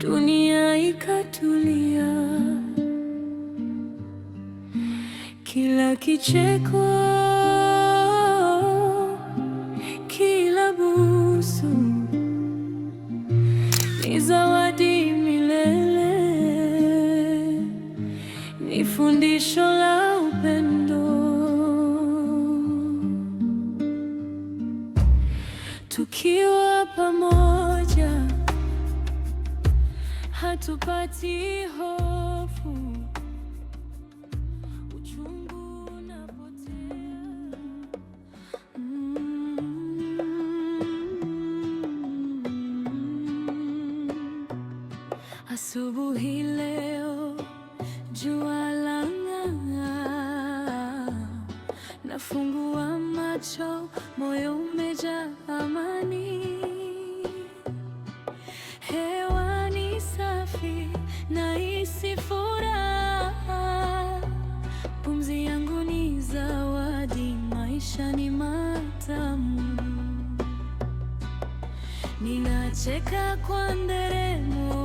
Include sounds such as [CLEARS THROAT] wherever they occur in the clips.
dunia ikatulia, kila kicheko, kila busu ni zawadi milele, ni fundisho la hatupatii hofu, uchungu unapotea. Mm. Asubuhi leo jua lang'aa, nafungua macho, moyo umejaa amani, hewa yake nahisi furaha. Pumzi yangu ni zawadi, maisha ni matamu, ninacheka kwa nderemo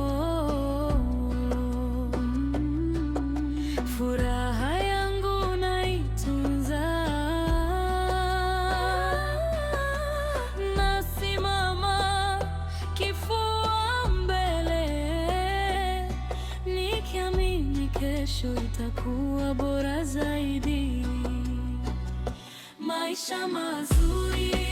kesho itakuwa bora zaidi. Maisha mazuri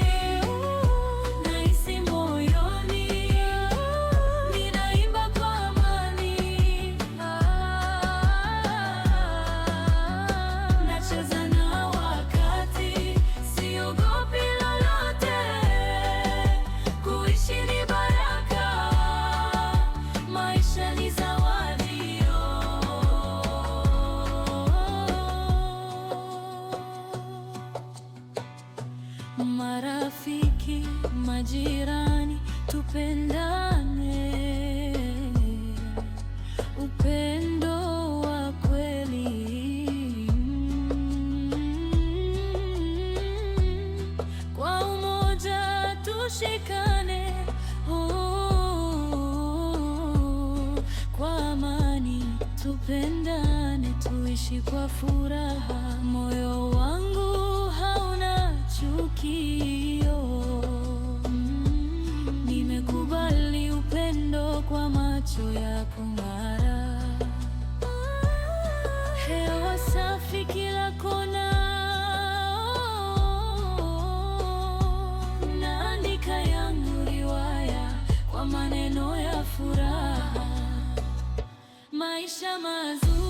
majirani tupendane, upendo wa kweli kwa umoja tushikane kwa amani tupendane, tuishi kwa furaha, moyo wangu hauna chuki. macho yako mara hewa safi kila kona, naandika yangu riwaya kwa maneno ya furaha, maisha mazuri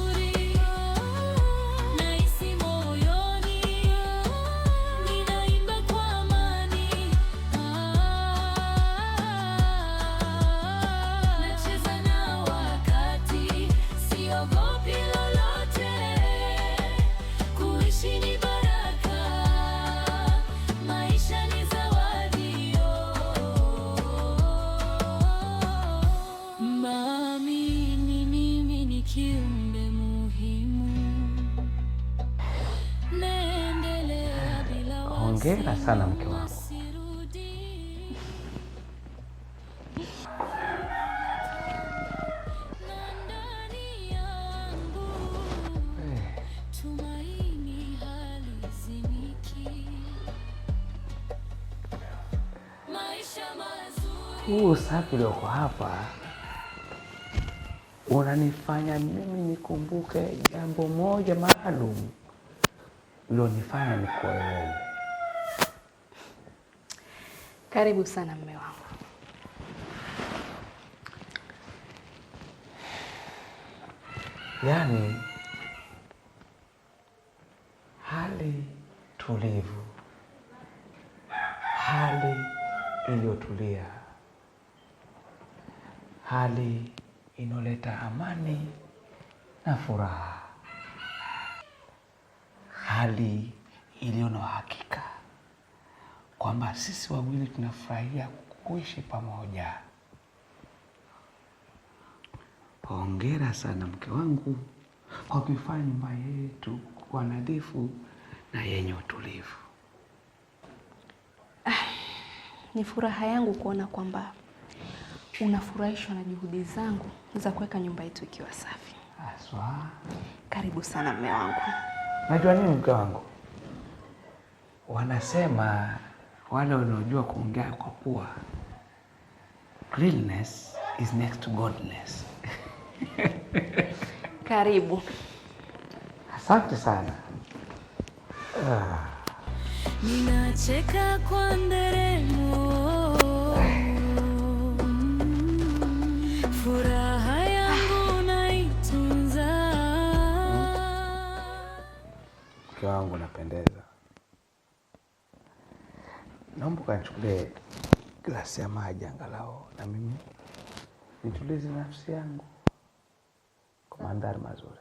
sana mke wangu. Huu usafi ulioko hapa unanifanya mimi nikumbuke jambo moja maalum ulionifanya nikuoe karibu sana mme wangu. Yaani hali tulivu, hali iliyotulia, hali inoleta amani na furaha, hali iliyo na hakika kwamba sisi wawili tunafurahia kuishi pamoja. Hongera sana mke wangu kwa kuifanya nyumba yetu kuwa nadhifu na yenye utulivu. Ah, ni furaha yangu kuona kwamba unafurahishwa na juhudi zangu za kuweka nyumba yetu ikiwa safi. Aswa. Karibu sana mme wangu. Najua nini mke wangu, wanasema wale wanaojua kuongea kwa pua, realness is next to godness. [LAUGHS] Karibu. Asante sana. Ninacheka kwa nderemo, furaha yangu naitunza. Mke wangu napendeza naomba ukanichukulie glasi ya maji angalau na mimi nitulize nafsi yangu kwa mandhari mazuri.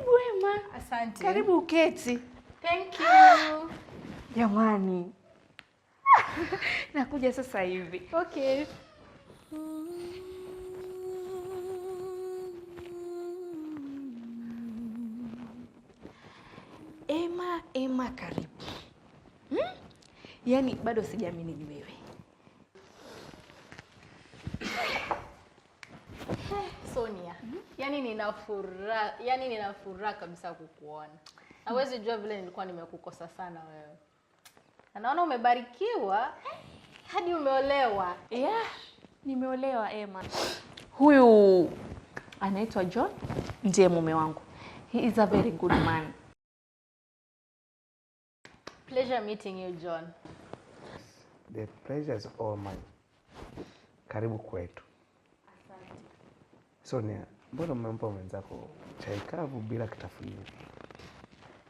Karibu Ema. Asante. Karibu uketi. Thank you. Ah! Jamani. [LAUGHS] Nakuja sasa hivi. Okay. Ema, Ema karibu. Hmm? Yaani bado sijaamini ni wewe. Sonia. Yaani nina furaha, yaani nina furaha kabisa kukuona. Hawezi jua vile nilikuwa nimekukosa sana wewe. Naona umebarikiwa hadi umeolewa. Yeah, nimeolewa Emma. Huyu anaitwa John, ndiye mume wangu. He is a very good man. Pleasure meeting you John. The pleasure is all mine. Karibu kwetu. Sonia, mbona mmempa mwenzako chai kavu bila kitafunio?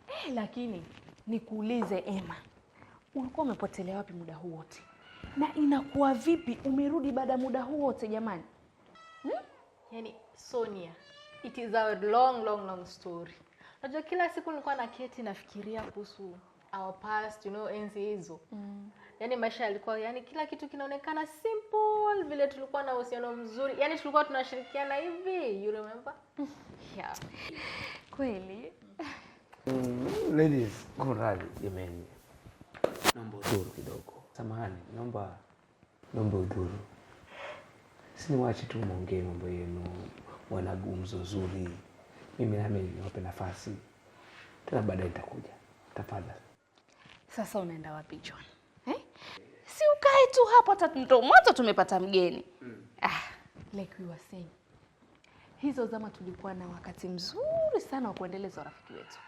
Eh, lakini nikuulize Emma, ulikuwa umepotelea wapi muda huu wote, na inakuwa vipi umerudi baada ya muda huu wote jamani? hmm? Yaani Sonia, it is a long long long story. Unajua kila siku nilikuwa keti nafikiria kuhusu our past, you know, enzi hizo mm yani maisha yalikuwa yani kila kitu kinaonekana simple, vile tulikuwa na uhusiano mzuri, yani tulikuwa tunashirikiana hivi, you remember? [LAUGHS] yeah. Kweli. Mm, ladies, kuradi jameni, naomba udhuru kidogo, samahani, naomba naomba udhuru, siniwache tu mwongee mambo yenu, wana gumzo zuri, mimi nami niwape nafasi, tena baadaye nitakuja. Tafadhali. Sasa unaenda wapi John? tu hapo, hata ndo mwanzo tumepata mgeni mm. Ah, like we were saying hizo zama tulikuwa na wakati mzuri sana wa kuendeleza urafiki wetu,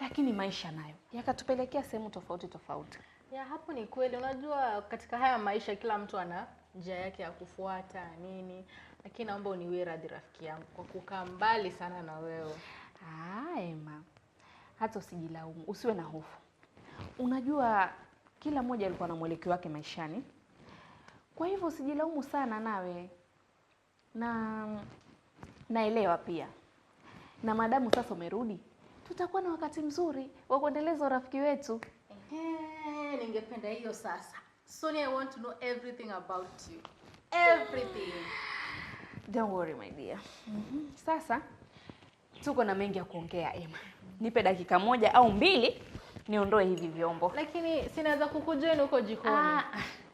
lakini maisha nayo yakatupelekea sehemu tofauti tofauti. Ya, hapo ni kweli. Unajua, katika haya maisha kila mtu ana njia yake ya kufuata nini, lakini naomba uniwe radhi rafiki yangu kwa kukaa mbali sana na wewe. Ah, Emma, hata usijilaumu, usiwe na hofu. Unajua, kila mmoja alikuwa na mwelekeo wake maishani kwa hivyo usijilaumu sana nawe, na naelewa pia, na madamu sasa umerudi, tutakuwa na wakati mzuri wa kuendeleza urafiki wetu. Ehe, ningependa hiyo sasa. Sonia, I want to know everything about you. Everything. Don't worry my dear. Mm -hmm. Sasa tuko na mengi ya kuongea Emma. Nipe dakika moja au mbili niondoe hivi vyombo. Lakini sinaweza kukujoin huko jikoni. Ah,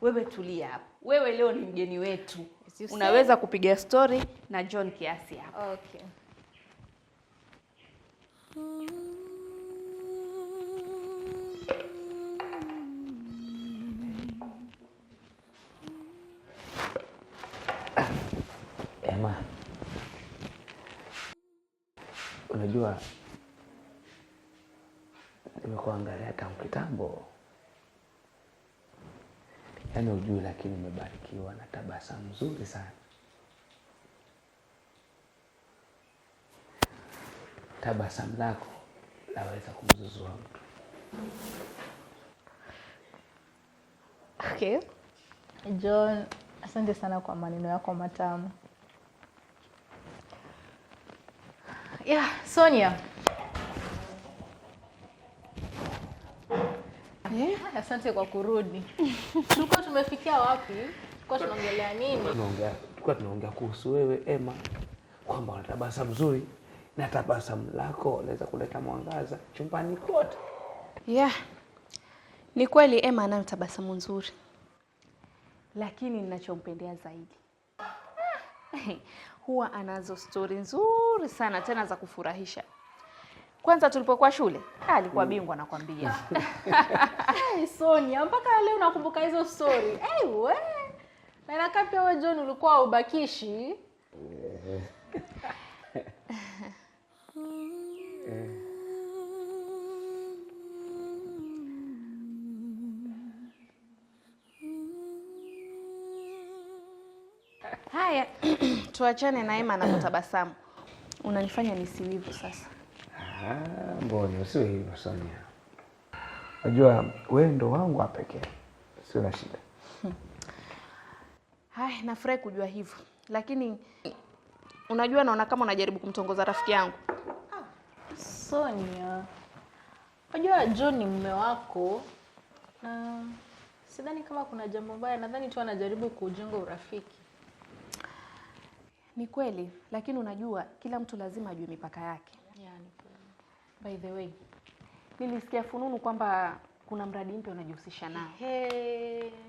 wewe tulia hapo wewe leo ni mgeni wetu, unaweza kupiga stori na John kiasi hapa. Okay. Emma, unajua nimekuangalia tangu kitambo yaani ujui, lakini umebarikiwa na tabasamu nzuri sana. Tabasamu lako laweza kumzuzua mtu. Okay. John, asante sana kwa maneno yako matamu. Yeah, Sonia. asante kwa kurudi. [LAUGHS] Tuko tumefikia wapi? Tuko tunaongelea nini? Tunaongea, tuko tunaongea kuhusu wewe Emma, kwamba una tabasamu zuri na tabasamu lako laweza kuleta mwangaza chumbani kote. Yeah. Ni kweli Emma anayo tabasamu nzuri, lakini ninachompendea zaidi [LAUGHS] huwa anazo stori nzuri sana tena za kufurahisha kwanza tulipokuwa shule ah, alikuwa mm. bingwa nakwambia. [LAUGHS] Hey, Sonia mpaka leo nakumbuka hizo story. Hey, we. Na inakaa pia John ulikuwa ubakishi. Haya, [CLEARS THROAT] tuachane na Ema Unanifanya nisiwivu sasa. Mbona usiwe hivyo Sonia, najua wewe ndo wangu wa pekee, sio na shida. Hmm. Hai, nafurahi kujua hivyo, lakini unajua, naona kama unajaribu kumtongoza rafiki yangu. Ah, Sonia, unajua John ni mume wako na sidhani kama kuna jambo baya, nadhani tu anajaribu kujenga urafiki. Ni kweli, lakini unajua kila mtu lazima ajue mipaka yake yani. By the way, nilisikia fununu kwamba kuna mradi mpya unajihusisha nao. He.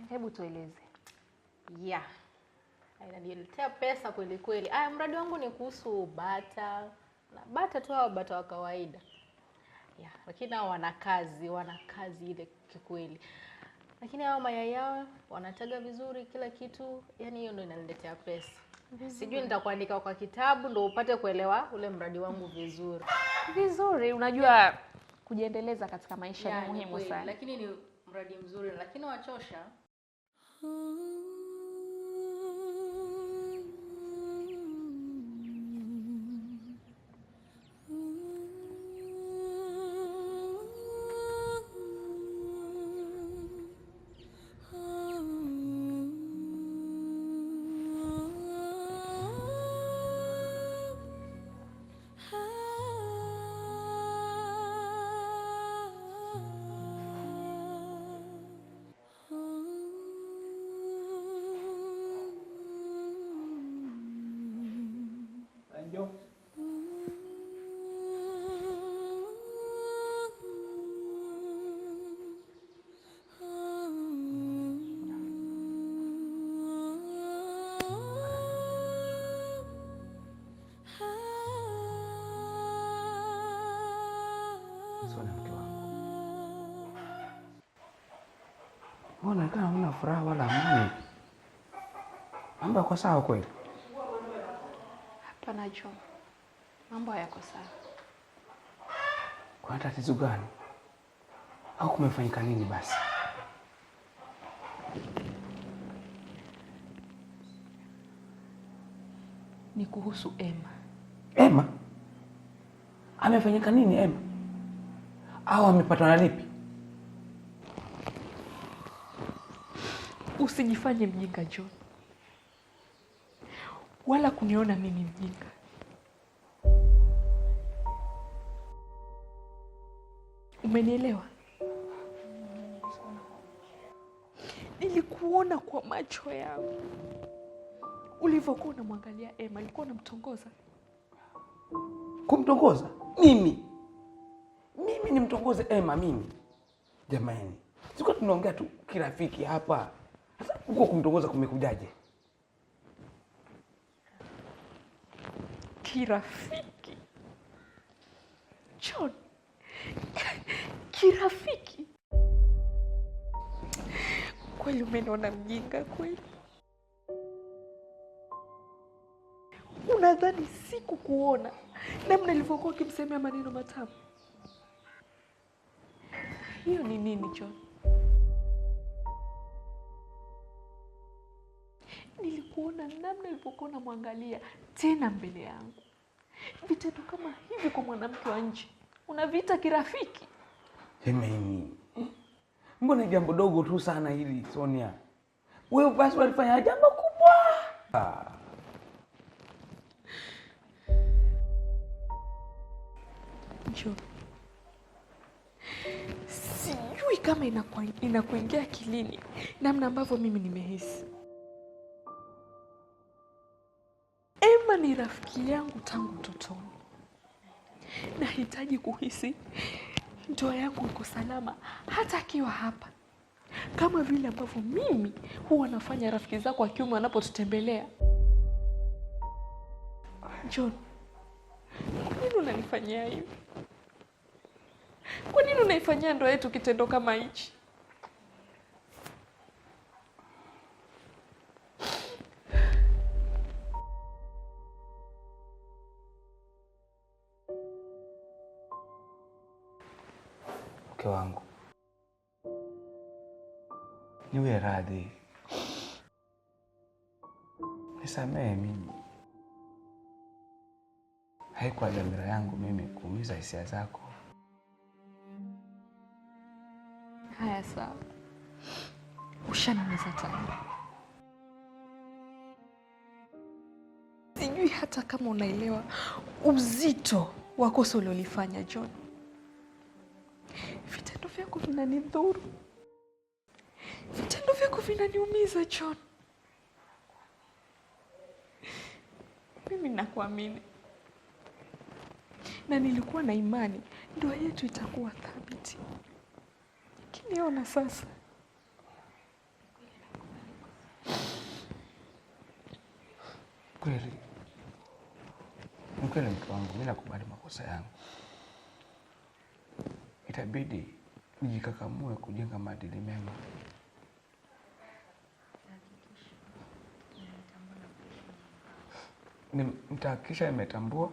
Hebu tueleze. Yeah. Inaniletea pesa kweli kweli. Aya, mradi wangu ni kuhusu bata na bata tu, hao bata wa kawaida yeah, lakini hao wana kazi, wana kazi ile kikweli, lakini hao mayai yao wanataga vizuri, kila kitu. yaani hiyo ndo inaniletea pesa. Sijui nitakuandika kwa kitabu ndo upate kuelewa ule mradi wangu vizuri vizuri, unajua yeah. Kujiendeleza katika maisha yeah, ni muhimu sana, lakini ni mradi mzuri, lakini wachosha hmm. yo. Mbona kama una furaha wala amani? Mambo yako sawa kweli? macho, mambo hayako sawa. Kuna tatizo gani au kumefanyika nini? Basi ni kuhusu Emma. Emma amefanyika nini? Emma au amepatwa na lipi? Usijifanye mjinga John, wala kuniona mimi mjinga. Umenielewa? Nilikuona kwa macho yangu ulivyokuwa unamwangalia Emma, alikuwa unamtongoza. Kumtongoza mimi? Mimi nimtongoze Emma? Mimi jamani, sikuwa tunaongea tu kirafiki hapa, Sasa huko kumtongoza kumekujaje? Kirafiki John kirafiki. Kweli umeniona mjinga kweli? Unadhani sikukuona namna ilivyokuwa ukimsemea maneno matamu? Hiyo ni nini John? Nilikuona namna nilivyokuwa unamwangalia tena mbele yangu. Vitendo kama hivi kwa mwanamke wa nje unaviita kirafiki? Hemeni, mbona jambo dogo tu sana hili Sonia? Wewe basi walifanya jambo kubwa. Njoo. Sijui kama inakuingia akilini namna ambavyo mimi nimehisi. Emma ni rafiki yangu tangu utotoni, nahitaji kuhisi ndoa yako iko salama, hata akiwa hapa, kama vile ambavyo mimi huwa nafanya rafiki zako wa kiume wanapotutembelea. John, kwa nini unanifanyia hivi? Kwa nini unaifanyia ndoa yetu kitendo kama hichi? mke wangu, niwe radhi, nisamehe mimi. Haikuwa dhamira yangu mimi kuumiza hisia zako. Haya, sawa, ushaniumiza tayari. Sijui hata kama unaelewa uzito wa kosa uliolifanya John vitendo vyako vinanidhuru, vitendo vyako vinaniumiza John. Mimi nakuamini na nilikuwa na imani ndoa yetu itakuwa thabiti, lakini ona sasa kweli mkweli, mtu wangu, mi nakubali makosa yangu itabidi nijikakamue kujenga maadili mema. Nitahakikisha nimetambua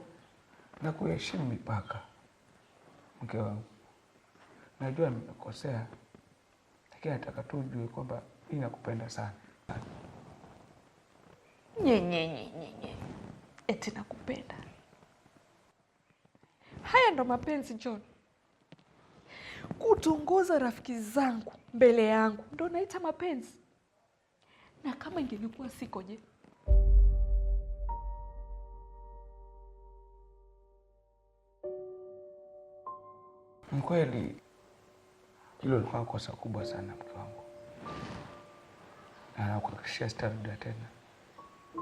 na kuheshimu mipaka. Mke wangu, najua nimekosea, lakini nataka tu ujue kwamba mimi nakupenda sana. Nyenyenyenyenye, Eti nakupenda? Haya ndo mapenzi John kutongoza rafiki zangu mbele yangu ndo naita mapenzi? Na kama ingelikuwa siko, je? Mkweli hilo likuwa kosa kubwa sana, mke wangu, na nakuhakikishia sitarudia tena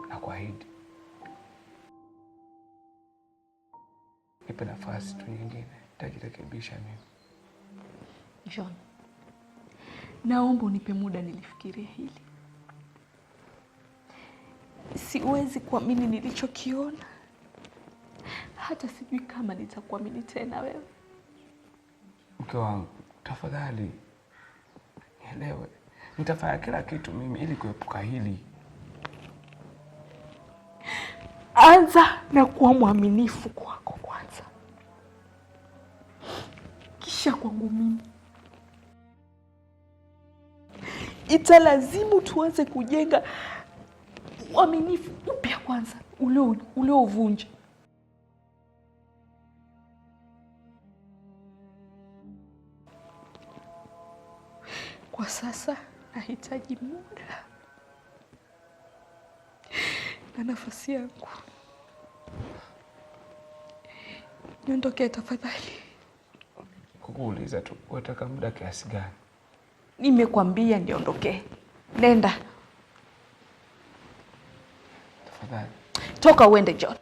na kuahidi. Nipe nafasi tu nyingine, tajirekebisha mimi. John, naomba unipe muda nilifikirie hili. Siwezi kuamini nilichokiona, hata sijui kama nitakuamini tena wewe. Mke wangu, tafadhali nielewe, nitafanya kila kitu mimi ili kuepuka hili. Anza na kuwa mwaminifu kwako kwanza, kisha kwangu mimi. italazimu tuanze kujenga uaminifu upya kwanza uliouvunja. Kwa sasa nahitaji muda na nafasi yangu. Niondokee tafadhali. Kukuuliza tu, wataka muda kiasi gani? Nimekwambia niondokee, nenda tafadhali, toka uende John.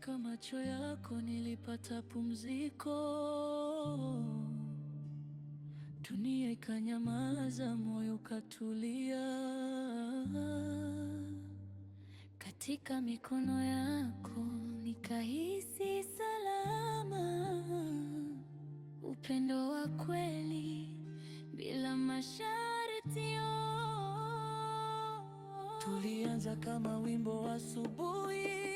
Katika macho yako nilipata pumziko, dunia ikanyamaza, moyo katulia Katika mikono yako nikahisi salama, upendo wa kweli bila masharti. Tulianza kama wimbo wa asubuhi